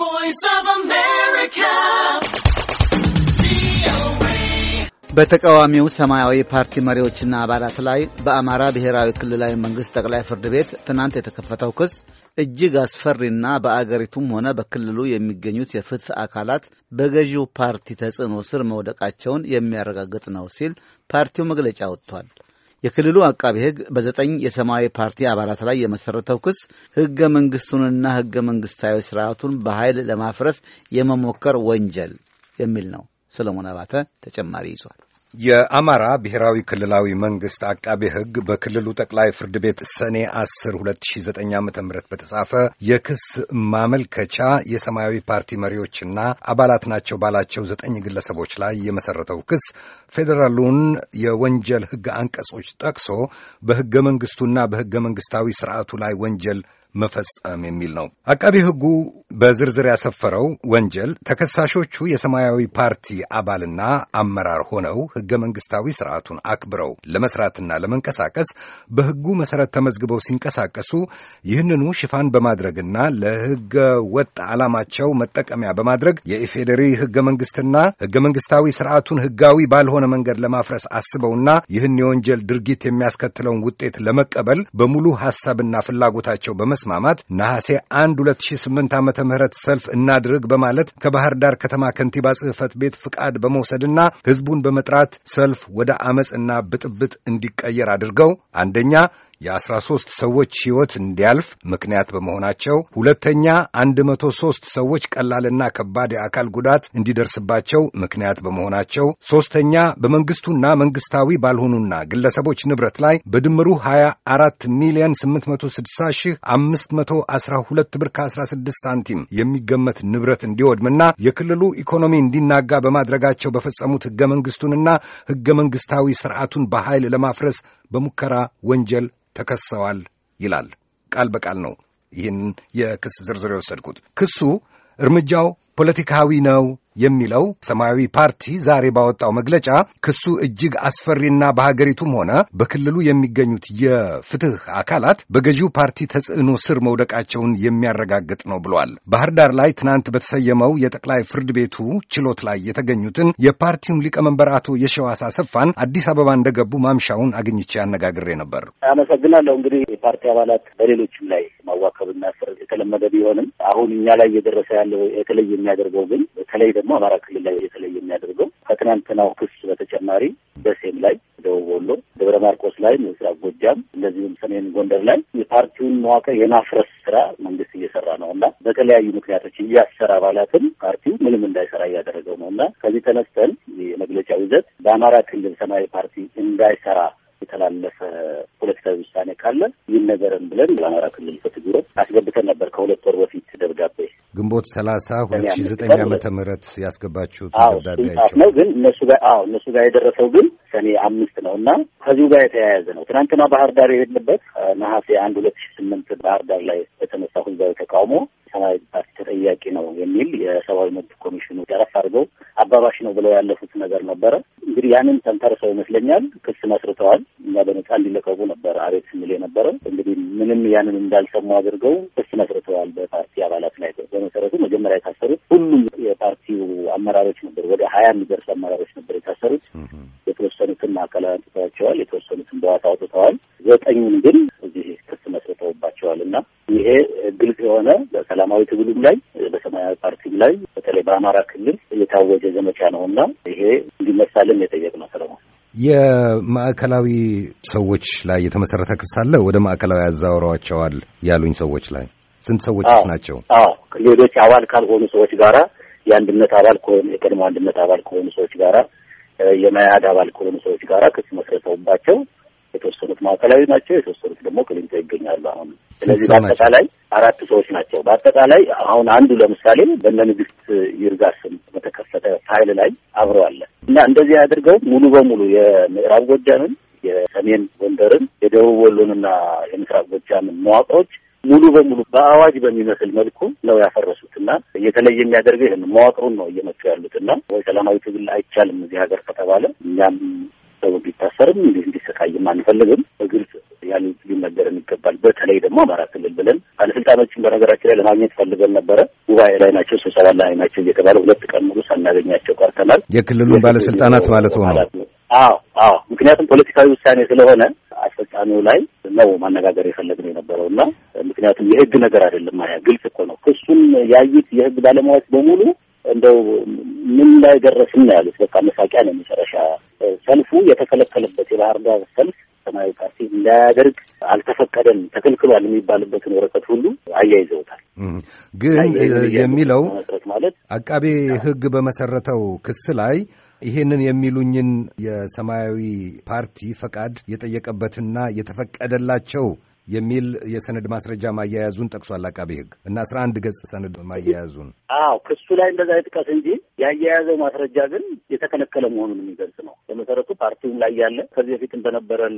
voice of America. በተቃዋሚው ሰማያዊ ፓርቲ መሪዎችና አባላት ላይ በአማራ ብሔራዊ ክልላዊ መንግሥት ጠቅላይ ፍርድ ቤት ትናንት የተከፈተው ክስ እጅግ አስፈሪና በአገሪቱም ሆነ በክልሉ የሚገኙት የፍትህ አካላት በገዢው ፓርቲ ተጽዕኖ ስር መውደቃቸውን የሚያረጋግጥ ነው ሲል ፓርቲው መግለጫ ወጥቷል። የክልሉ አቃቢ ሕግ በዘጠኝ የሰማያዊ ፓርቲ አባላት ላይ የመሰረተው ክስ ሕገ መንግስቱንና ሕገ መንግስታዊ ስርዓቱን በኃይል ለማፍረስ የመሞከር ወንጀል የሚል ነው። ሰለሞን አባተ ተጨማሪ ይዟል። የአማራ ብሔራዊ ክልላዊ መንግስት አቃቤ ሕግ በክልሉ ጠቅላይ ፍርድ ቤት ሰኔ 10 2009 ም በተጻፈ የክስ ማመልከቻ የሰማያዊ ፓርቲ መሪዎችና አባላት ናቸው ባላቸው ዘጠኝ ግለሰቦች ላይ የመሰረተው ክስ ፌዴራሉን የወንጀል ሕግ አንቀጾች ጠቅሶ በሕገ መንግስቱና በሕገ መንግስታዊ ስርዓቱ ላይ ወንጀል መፈጸም የሚል ነው። አቃቢ ሕጉ በዝርዝር ያሰፈረው ወንጀል ተከሳሾቹ የሰማያዊ ፓርቲ አባልና አመራር ሆነው ሕገ መንግሥታዊ ስርዓቱን አክብረው ለመስራትና ለመንቀሳቀስ በሕጉ መሠረት ተመዝግበው ሲንቀሳቀሱ ይህንኑ ሽፋን በማድረግና ለሕገ ወጥ ዓላማቸው መጠቀሚያ በማድረግ የኢፌዴሪ ሕገ መንግሥትና ሕገ መንግሥታዊ ስርዓቱን ሕጋዊ ባልሆነ መንገድ ለማፍረስ አስበውና ይህን የወንጀል ድርጊት የሚያስከትለውን ውጤት ለመቀበል በሙሉ ሐሳብና ፍላጎታቸው በመስ በመስማማት ነሐሴ 1 2008 ዓ ም ሰልፍ እናድርግ በማለት ከባህር ዳር ከተማ ከንቲባ ጽህፈት ቤት ፍቃድ በመውሰድና ህዝቡን በመጥራት ሰልፍ ወደ አመፅና ብጥብጥ እንዲቀየር አድርገው አንደኛ የአስራ ሶስት ሰዎች ሕይወት እንዲያልፍ ምክንያት በመሆናቸው፣ ሁለተኛ አንድ መቶ ሰዎች ቀላልና ከባድ የአካል ጉዳት እንዲደርስባቸው ምክንያት በመሆናቸው፣ ሦስተኛ በመንግሥቱና መንግሥታዊ ባልሆኑና ግለሰቦች ንብረት ላይ በድምሩ ሀያ አራት ሚሊዮን ስምንት መቶ ስድሳ ሺህ አምስት መቶ አስራ ሁለት ብር ከአስራ ስድስት ሳንቲም የሚገመት ንብረት እንዲወድምና የክልሉ ኢኮኖሚ እንዲናጋ በማድረጋቸው በፈጸሙት ሕገ መንግሥቱንና ሕገ መንግሥታዊ ሥርዓቱን በኃይል ለማፍረስ በሙከራ ወንጀል ተከሰዋል ይላል። ቃል በቃል ነው ይህን የክስ ዝርዝር የወሰድኩት። ክሱ እርምጃው ፖለቲካዊ ነው የሚለው ሰማያዊ ፓርቲ ዛሬ ባወጣው መግለጫ ክሱ እጅግ አስፈሪና በሀገሪቱም ሆነ በክልሉ የሚገኙት የፍትህ አካላት በገዢው ፓርቲ ተጽዕኖ ስር መውደቃቸውን የሚያረጋግጥ ነው ብሏል። ባህር ዳር ላይ ትናንት በተሰየመው የጠቅላይ ፍርድ ቤቱ ችሎት ላይ የተገኙትን የፓርቲውን ሊቀመንበር አቶ የሸዋስ አሰፋን አዲስ አበባ እንደገቡ ማምሻውን አግኝቼ አነጋግሬ ነበር። አመሰግናለሁ። እንግዲህ የፓርቲ አባላት በሌሎችም ላይ ማዋከብና ስር የተለመደ ቢሆንም አሁን እኛ ላይ እየደረሰ ያለው የተለየ የሚያደርገው ግን በተለይ ደግሞ አማራ ክልል ላይ የተለየ የሚያደርገው ከትናንትናው ክስ በተጨማሪ በሴም ላይ፣ ደቡብ ወሎ፣ ደብረ ማርቆስ ላይ፣ ምስራቅ ጎጃም እንደዚሁም ሰሜን ጎንደር ላይ የፓርቲውን መዋቅር የማፍረስ ስራ መንግስት እየሰራ ነው እና በተለያዩ ምክንያቶች እያሰረ አባላትን ፓርቲው ምንም እንዳይሰራ እያደረገው ነው እና ከዚህ ተነስተን የመግለጫው ይዘት በአማራ ክልል ሰማያዊ ፓርቲ እንዳይሰራ የተላለፈ ፖለቲካዊ ውሳኔ ካለ ይነገረን ብለን ለአማራ ክልል ፍትህ ቢሮ አስገብተን ነበር ከሁለት ወር በፊት ደብዳቤ ግንቦት ሰላሳ ሁለት ሺ ዘጠኝ ዓመተ ምህረት ያስገባችሁት ደብዳቤያቸው ነው። ግን እነሱ ጋር አዎ እነሱ ጋር የደረሰው ግን ሰኔ አምስት ነው እና ከዚሁ ጋር የተያያዘ ነው። ትናንትና ባህር ዳር የሄድንበት ነሐሴ አንድ ሁለት ሺ ስምንት ባህር ዳር ላይ በተነሳ ህዝባዊ ተቃውሞ ሰማያዊ ፓርቲ ተጠያቂ ነው የሚል የሰብአዊ መብት ኮሚሽኑ ጠረፍ አድርገው አባባሽ ነው ብለው ያለፉት ነገር ነበረ። እንግዲህ ያንን ተንተርሰው ይመስለኛል ክስ መስርተዋል። እኛ በነጻ እንዲለቀቁ ነበር አቤት ስንል የነበረ እንግዲህ ምንም ያንን እንዳልሰሙ አድርገው ክስ መስርተዋል በፓርቲ አባላት ላይ በመሰረቱ መጀመሪያ የታሰሩት ሁሉም የፓርቲው አመራሮች ነበር። ወደ ሀያ የሚደርሱ አመራሮች ነበር የታሰሩት። የተወሰኑትን ማዕከላዊ አንጥተዋቸዋል፣ የተወሰኑትን በዋሳ አውጥተዋል። ዘጠኙን ግን እዚህ ክስ መስርተውባቸዋል እና ይሄ ግልጽ የሆነ በሰላማዊ ትግሉም ላይ በሰማያዊ ፓርቲም ላይ በተለይ በአማራ ክልል የታወጀ ዘመቻ ነው እና ይሄ እንዲመሳልን የጠየቅነው ሰለሞን። የማዕከላዊ ሰዎች ላይ የተመሰረተ ክስ አለ። ወደ ማዕከላዊ ያዛውረዋቸዋል ያሉኝ ሰዎች ላይ ስንት ሰዎች ናቸው? አዎ ሌሎች አባል ካልሆኑ ሰዎች ጋራ የአንድነት አባል ከሆኑ የቀድሞ አንድነት አባል ከሆኑ ሰዎች ጋራ የመያድ አባል ከሆኑ ሰዎች ጋራ ክስ መስረተውባቸው የተወሰኑት ማዕከላዊ ናቸው፣ የተወሰኑት ደግሞ ቅሊንጦ ይገኛሉ። አሁን ስለዚህ በአጠቃላይ አራት ሰዎች ናቸው። በአጠቃላይ አሁን አንዱ ለምሳሌ በእነ ንግስት ይርጋ ስም በተከፈተ ፋይል ላይ አለ እና እንደዚህ አድርገው ሙሉ በሙሉ የምዕራብ ጎጃምን፣ የሰሜን ጎንደርን፣ የደቡብ ወሎንና የምስራቅ ጎጃምን መዋቅሮች ሙሉ በሙሉ በአዋጅ በሚመስል መልኩ ነው ያፈረሱትና የተለየ የሚያደርገው ይህን መዋቅሩን ነው እየመጡ ያሉትና ወይ ሰላማዊ ትግል አይቻልም እዚህ ሀገር ከተባለ እኛም ሰው እንዲታሰርም እንዲሰቃይም አንፈልግም። በግልጽ ያሉት ሊነገረን ይገባል። በተለይ ደግሞ አማራ ክልል ብለን ባለስልጣኖችን በነገራችን ላይ ለማግኘት ፈልገን ነበረ። ጉባኤ ላይ ናቸው፣ ስብሰባ ላይ ናቸው እየተባለ ሁለት ቀን ሙሉ ሳናገኛቸው ቀርተናል። የክልሉን ባለስልጣናት ማለት ሆነ። አዎ አዎ፣ ምክንያቱም ፖለቲካዊ ውሳኔ ስለሆነ ፍጻሜው ላይ ነው ማነጋገር የፈለግነው የነበረው እና ምክንያቱም የህግ ነገር አይደለም። ማያ ግልጽ እኮ ነው። ክሱን ያዩት የህግ ባለሙያዎች በሙሉ እንደው ምን ላይ ደረስን ያሉት በቃ መሳቂያ ነው። መጨረሻ ሰልፉ የተከለከለበት የባህር ዳር ሰልፍ ሰማያዊ ፓርቲ እንዳያደርግ አልተፈቀደም ተከልክሏል የሚባልበትን ወረቀት ሁሉ አያይዘውታል። ግን የሚለው ማለት አቃቤ ህግ በመሰረተው ክስ ላይ ይሄንን የሚሉኝን የሰማያዊ ፓርቲ ፈቃድ የጠየቀበትና የተፈቀደላቸው የሚል የሰነድ ማስረጃ ማያያዙን ጠቅሷል አቃቤ ሕግ እና አስራ አንድ ገጽ ሰነድ ማያያዙን። አዎ ክሱ ላይ እንደዛ ይጥቀስ እንጂ ያያያዘው ማስረጃ ግን የተከለከለ መሆኑን የሚገልጽ ነው። በመሰረቱ ፓርቲውም ላይ ያለ ከዚህ በፊት እንደነበረን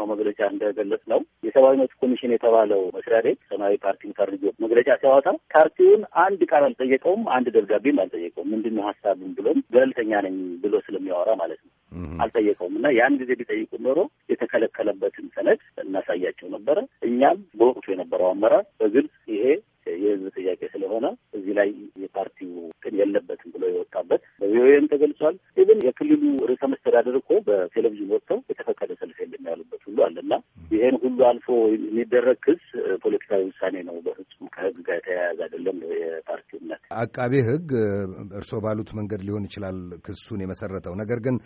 ነው መግለጫ እንደገለጽ ነው የሰብአዊ መብት ኮሚሽን የተባለው መስሪያ ቤት ሰማያዊ ፓርቲን ፈርጆ መግለጫ ሲያወጣ ፓርቲውን አንድ ቃል አልጠየቀውም፣ አንድ ደብዳቤም አልጠየቀውም። ምንድነው ሀሳብም ብሎም ገለልተኛ ነኝ ብሎ ስለሚያወራ ማለት ነው። አልጠየቀውም እና ያን ጊዜ ቢጠይቁ ኖሮ የተከለከለበትን ሰነድ እናሳያቸው ነበረ። እኛም በወቅቱ የነበረው አመራር በግልጽ ይሄ የህዝብ ጥያቄ ስለሆነ እዚህ ላይ የፓርቲው ቅን የለበትም ብሎ የወጣበት በቪኦኤም ተገልጿል። ኢብን የክልሉ ርዕሰ መስተዳደር እኮ በቴሌቪዥን ወጥተው የተፈቀደ ሰልፍ የለም ያሉበት ሁሉ አለና ይሄን ሁሉ አልፎ የሚደረግ ክስ ፖለቲካዊ ውሳኔ ነው፣ በፍጹም ከህግ ጋር የተያያዘ አይደለም የፓርቲው እምነት። አቃቤ ህግ እርስዎ ባሉት መንገድ ሊሆን ይችላል ክሱን የመሰረተው ነገር ግን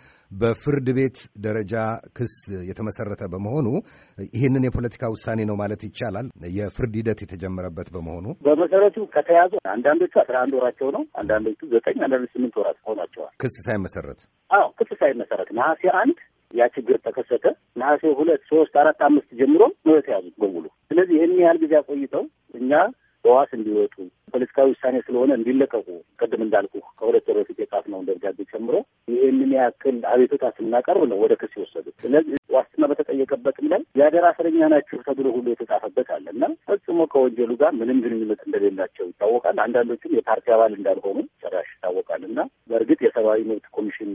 በፍርድ ቤት ደረጃ ክስ የተመሰረተ በመሆኑ ይህንን የፖለቲካ ውሳኔ ነው ማለት ይቻላል የፍርድ ሂደት የተጀመረበት በመሆኑ ነው? በመሰረቱ ከተያዙ አንዳንዶቹ አስራ አንድ ወራቸው ነው። አንዳንዶቹ ዘጠኝ፣ አንዳንዶቹ ስምንት ወራት ሆኗቸዋል። ክስ ሳይመሰረት አዎ፣ ክስ ሳይመሰረት ነሐሴ አንድ ያ ችግር ተከሰተ። ነሐሴ ሁለት፣ ሶስት፣ አራት፣ አምስት ጀምሮ ነው የተያዙት በሙሉ። ስለዚህ ይህን ያህል ጊዜ አቆይተው እኛ በዋስ እንዲወጡ ፖለቲካዊ ውሳኔ ስለሆነ እንዲለቀቁ ቅድም እንዳልኩ ከሁለት ወር በፊት ነው ደብዳቤ ጨምሮ ይህንን ያክል አቤቱታ ስናቀርብ ነው ወደ ክስ የወሰዱት። ስለዚህ ዋስትና በተጠየቀበትም ላይ የሀገር አስረኛ ናችሁ ተብሎ ሁሉ የተጻፈበት አለ እና ፈጽሞ ከወንጀሉ ጋር ምንም ግንኙነት እንደሌላቸው ይታወቃል። አንዳንዶቹም የፓርቲ አባል እንዳልሆኑ ጭራሽ ይታወቃል እና በእርግጥ የሰብአዊ መብት ኮሚሽን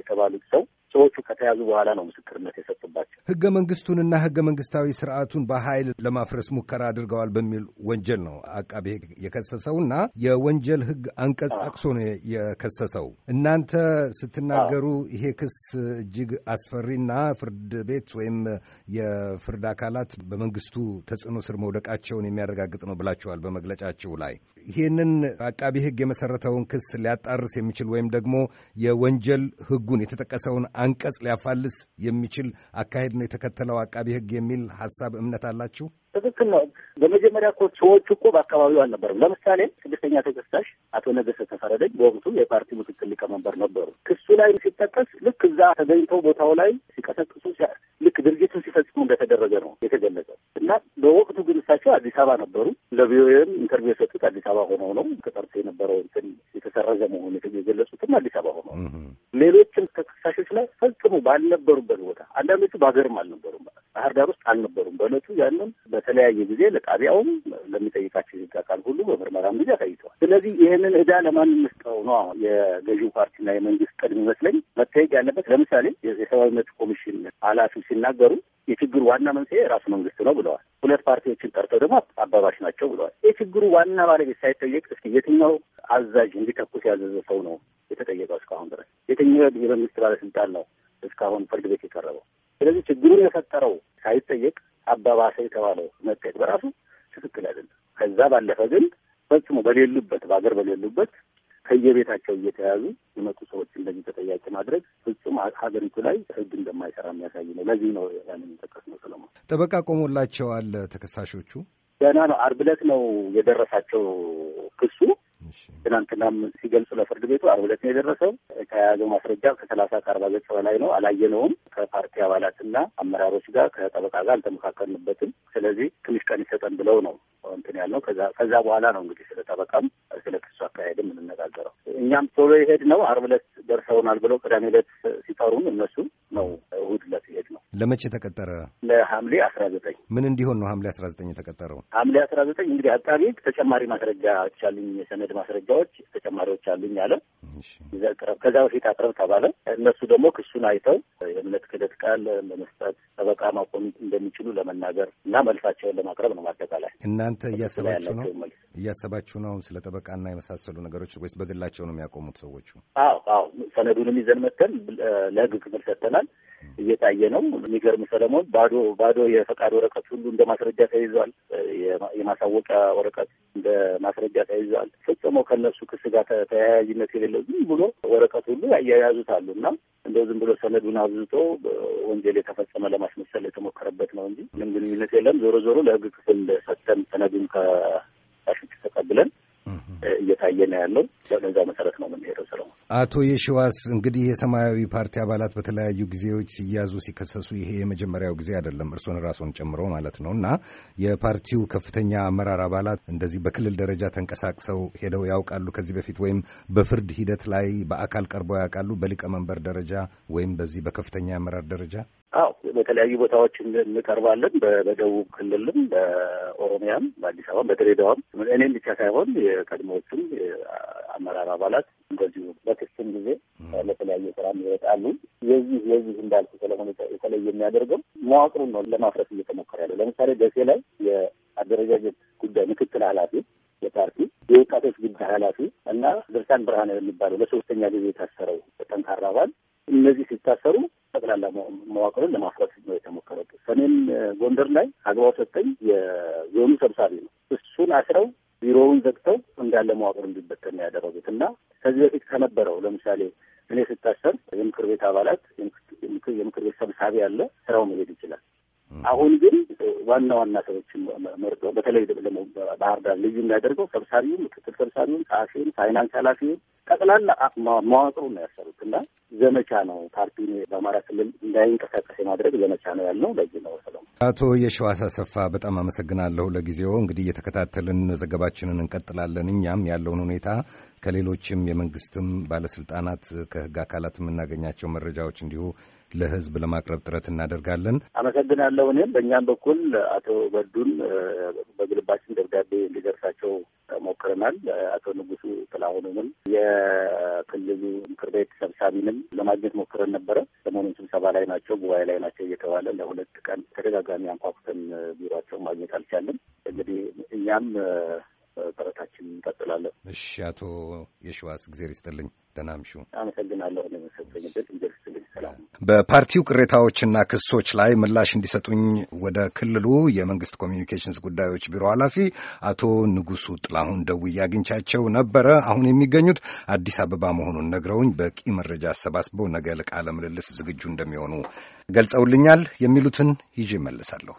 የተባሉት ሰው ሰዎቹ ከተያዙ በኋላ ነው ምስክርነት የሰጡባቸው። ህገ መንግስቱንና ህገ መንግስታዊ ስርዓቱን በኃይል ለማፍረስ ሙከራ አድርገዋል በሚል ወንጀል ነው አቃቤ ህግ የከሰሰውና የወንጀል ህግ አንቀጽ ጠቅሶ ነው የከሰሰው። እናንተ ስትናገሩ ይሄ ክስ እጅግ አስፈሪና ፍርድ ቤት ወይም የፍርድ አካላት በመንግስቱ ተጽዕኖ ስር መውደቃቸውን የሚያረጋግጥ ነው ብላችኋል በመግለጫችሁ ላይ። ይህንን አቃቢ ህግ የመሰረተውን ክስ ሊያጣርስ የሚችል ወይም ደግሞ የወንጀል ህጉን የተጠቀሰውን አንቀጽ ሊያፋልስ የሚችል አካሄድ ነው የተከተለው አቃቢ ህግ የሚል ሀሳብ እምነት አላችሁ? ትክክል ነው። በመጀመሪያ እኮ ሰዎቹ እኮ በአካባቢው አልነበሩም። ለምሳሌ ስድስተኛ ተከሳሽ አቶ ነገሰ ተፈረደኝ በወቅቱ የፓርቲ ምክትል ሊቀመንበር ነበሩ። ክሱ ላይ ሲጠቀስ ልክ እዛ ተገኝተው ቦታው ላይ ሲቀሰቅሱ ልክ ድርጅቱን ሲፈጽሙ እንደተደረገ ነው የተገለጸ እና በወቅቱ ግን እሳቸው አዲስ አበባ ነበሩ። ለቪኦኤም ኢንተርቪው የሰጡት አዲስ አበባ ሆነው ነው ከጠርቶ የነበረው እንትን የተሰረዘ መሆኑ የገለጹትም አዲስ አበባ ነው። ሌሎችም ተከሳሾች ላይ ፈጽሞ ባልነበሩበት ቦታ አንዳንዶቹ በሀገርም አልነበሩም፣ ባህር ዳር ውስጥ አልነበሩም። በእለቱ ያንን በተለያየ ጊዜ ለጣቢያውም ለሚጠይቃቸው ዜጋ አካል ሁሉ በምርመራም ጊዜ አሳይተዋል። ስለዚህ ይህንን እዳ ለማን እንስጠው ነው አሁን የገዢው ፓርቲና የመንግስት ቅድም ይመስለኝ መታየቅ ያለበት። ለምሳሌ የሰብአዊ መብት ኮሚሽን ኃላፊው ሲናገሩ የችግሩ ዋና መንስኤ የራሱ መንግስት ነው ብለዋል። ሁለት ፓርቲዎችን ጠርተው ደግሞ አባባሽ ናቸው ብለዋል። የችግሩ ዋና ባለቤት ሳይጠየቅ እስኪ የትኛው አዛዥ እንዲተኩስ ያዘዘ ሰው ነው የተጠየቀው። እስካሁን ድረስ የትኛው የመንግስት ባለስልጣን ነው እስካሁን ፍርድ ቤት የቀረበው? ስለዚህ ችግሩን የፈጠረው ሳይጠየቅ አባባሰ የተባለው መጠየቅ በራሱ ትክክል አይደለም። ከዛ ባለፈ ግን ፈጽሞ በሌሉበት በሀገር በሌሉበት ከየቤታቸው እየተያዙ የመጡ ሰዎች እንደዚህ ተጠያቂ ማድረግ ፍጹም ሀገሪቱ ላይ ሕግ እንደማይሰራ የሚያሳይ ነው። ለዚህ ነው ያንን የጠቀስ ነው። ሰለሞን ጠበቃ ቆሞላቸዋል ተከሳሾቹ ገና ነው። አርብ ዕለት ነው የደረሳቸው ክሱ ትናንትናም ሲገልጹ ለፍርድ ቤቱ አርብ ዕለት ነው የደረሰው። ከያዘው ማስረጃ ከሰላሳ ከአርባ ገጽ በላይ ነው። አላየነውም። ከፓርቲ አባላትና አመራሮች ጋር ከጠበቃ ጋር አልተመካከልንበትም። ስለዚህ ትንሽ ቀን ይሰጠን ብለው ነው እንትን ያልነው። ከዛ በኋላ ነው እንግዲህ ስለ ጠበቃም ስለ ክሱ አካሄድም የምንነጋገረው። እኛም ቶሎ የሄድ ነው አርብ ዕለት ደርሰውናል ብለው ቅዳሜ ዕለት ሲጠሩን እነሱ ነው እሁድ ዕለት ይሄድ ነው። ለመቼ ተቀጠረ? ለሐምሌ አስራ ዘጠኝ ምን እንዲሆን ነው ሐምሌ አስራ ዘጠኝ የተቀጠረው? ሐምሌ አስራ ዘጠኝ እንግዲህ አጣሪ ተጨማሪ ማስረጃዎች አሉኝ፣ የሰነድ ማስረጃዎች ተጨማሪዎች አሉኝ አለ። ከዛ በፊት አቅርብ ተባለ። እነሱ ደግሞ ክሱን አይተው የእምነት ክህደት ቃል ለመስጠት ጠበቃ ማቆም እንደሚችሉ ለመናገር እና መልሳቸውን ለማቅረብ ነው። ማጠቃላይ እናንተ እያሰባችሁ ነው እያሰባችሁ ነው ስለ ጠበቃና የመሳሰሉ ነገሮች ወይስ በግላቸው ነው የሚያቆሙት ሰዎቹ? አዎ አዎ ሰነዱንም ይዘን መተን ለህግ ክፍል ሰጥተናል። እየታየ ነው። የሚገርም ሰለሞን ባዶ ባዶ የፈቃድ ወረቀት ሁሉ እንደ ማስረጃ ተይዟል። የማሳወቂያ ወረቀት እንደ ማስረጃ ተይዟል። ፈጽሞ ከነሱ ክስ ጋር ተያያዥነት የሌለው ዝም ብሎ ወረቀት ሁሉ ያያያዙታሉ እና እንደው ዝም ብሎ ሰነዱን አብዝቶ ወንጀል የተፈጸመ ለማስመሰል የተሞከረበት ነው እንጂ ምንም ግንኙነት የለም። ዞሮ ዞሮ ለህግ ክፍል ሰጥተን ሰነዱን ከሽች ተቀብለን እየታየነ ያለው። በነዛ መሰረት ነው የምንሄደው። ስለሆነ አቶ የሺዋስ እንግዲህ የሰማያዊ ፓርቲ አባላት በተለያዩ ጊዜዎች ሲያዙ ሲከሰሱ ይሄ የመጀመሪያው ጊዜ አይደለም፣ እርስዎን ራስዎን ጨምሮ ማለት ነው እና የፓርቲው ከፍተኛ አመራር አባላት እንደዚህ በክልል ደረጃ ተንቀሳቅሰው ሄደው ያውቃሉ ከዚህ በፊት ወይም በፍርድ ሂደት ላይ በአካል ቀርበው ያውቃሉ በሊቀመንበር ደረጃ ወይም በዚህ በከፍተኛ አመራር ደረጃ አዎ በተለያዩ ቦታዎች እንቀርባለን። በደቡብ ክልልም፣ በኦሮሚያም፣ በአዲስ አበባም፣ በድሬዳዋም እኔም ብቻ ሳይሆን የቀድሞዎቹም የአመራር አባላት እንደዚሁ በክስትም ጊዜ ለተለያየ ስራ ይወጣሉ። የዚህ የዚህ እንዳልኩ ስለሆነ የተለየ የሚያደርገው መዋቅሩን ነው ለማፍረስ እየተሞከረ ያለው። ለምሳሌ ደሴ ላይ የአደረጃጀት ጉዳይ ምክትል ኃላፊ የፓርቲ የወጣቶች ጉዳይ ኃላፊ እና ድርሳን ብርሃን የሚባለው ለሶስተኛ ጊዜ የታሰረው ጠንካራ አባል እነዚህ ሲታሰሩ መዋቅርን ለማፍረስ ነው የተሞከረበት። ሰሜን ጎንደር ላይ አግባው ሰጠኝ የዞኑ ሰብሳቢ ነው። እሱን አስረው ቢሮውን ዘግተው እንዳለ መዋቅር እንዲበተን ያደረጉት እና ከዚህ በፊት ከነበረው ለምሳሌ እኔ ስታሰር የምክር ቤት አባላት የምክር ቤት ሰብሳቢ አለ፣ ስራው መሄድ ይችላል። አሁን ግን ዋና ዋና ሰዎችን መርጦ በተለይ ደግሞ ባህር ዳር ልዩ የሚያደርገው ሰብሳቢውን፣ ምክትል ሰብሳቢውን፣ ጸሐፊውን፣ ፋይናንስ ኃላፊውን ጠቅላላ መዋቅሩ ነው ያሰሩት እና ዘመቻ ነው ፓርቲውን በአማራ ክልል እንዳይንቀሳቀስ የማድረግ ዘመቻ ነው ያለው። ለዚህ ነው። ሰለሞን አቶ የሸዋስ አሰፋ በጣም አመሰግናለሁ። ለጊዜው እንግዲህ እየተከታተልን ዘገባችንን እንቀጥላለን። እኛም ያለውን ሁኔታ ከሌሎችም የመንግስትም ባለስልጣናት ከህግ አካላት የምናገኛቸው መረጃዎች እንዲሁ ለህዝብ ለማቅረብ ጥረት እናደርጋለን። አመሰግናለሁ። እኔም በእኛም በኩል አቶ በዱን በግልባችን ደብዳቤ እንዲደርሳቸው ሞክረናል። አቶ ንጉሱ ጥላሁኑንም የክልሉ ምክር ቤት ሰብሳቢንም ለማግኘት ሞክረን ነበረ። ሰሞኑን ስብሰባ ላይ ናቸው፣ ጉባኤ ላይ ናቸው እየተባለ ለሁለት ቀን ተደጋጋሚ አንኳኩተን ቢሯቸው ማግኘት አልቻለም። እንግዲህ እኛም ጥረታችን እንቀጥላለን። እሺ፣ አቶ የሸዋስ እግዜር ይስጥልኝ። ደህና እምሹ። አመሰግናለሁ። ለመሰጠኝ እግዜር ይስጥልኝ። ሰላም። በፓርቲው ቅሬታዎችና ክሶች ላይ ምላሽ እንዲሰጡኝ ወደ ክልሉ የመንግስት ኮሚኒኬሽንስ ጉዳዮች ቢሮ ኃላፊ አቶ ንጉሱ ጥላሁን ደውዬ አግኝቻቸው ነበረ። አሁን የሚገኙት አዲስ አበባ መሆኑን ነግረውኝ በቂ መረጃ አሰባስበው ነገ ለቃለ ምልልስ ዝግጁ እንደሚሆኑ ገልጸውልኛል። የሚሉትን ይዤ እመልሳለሁ።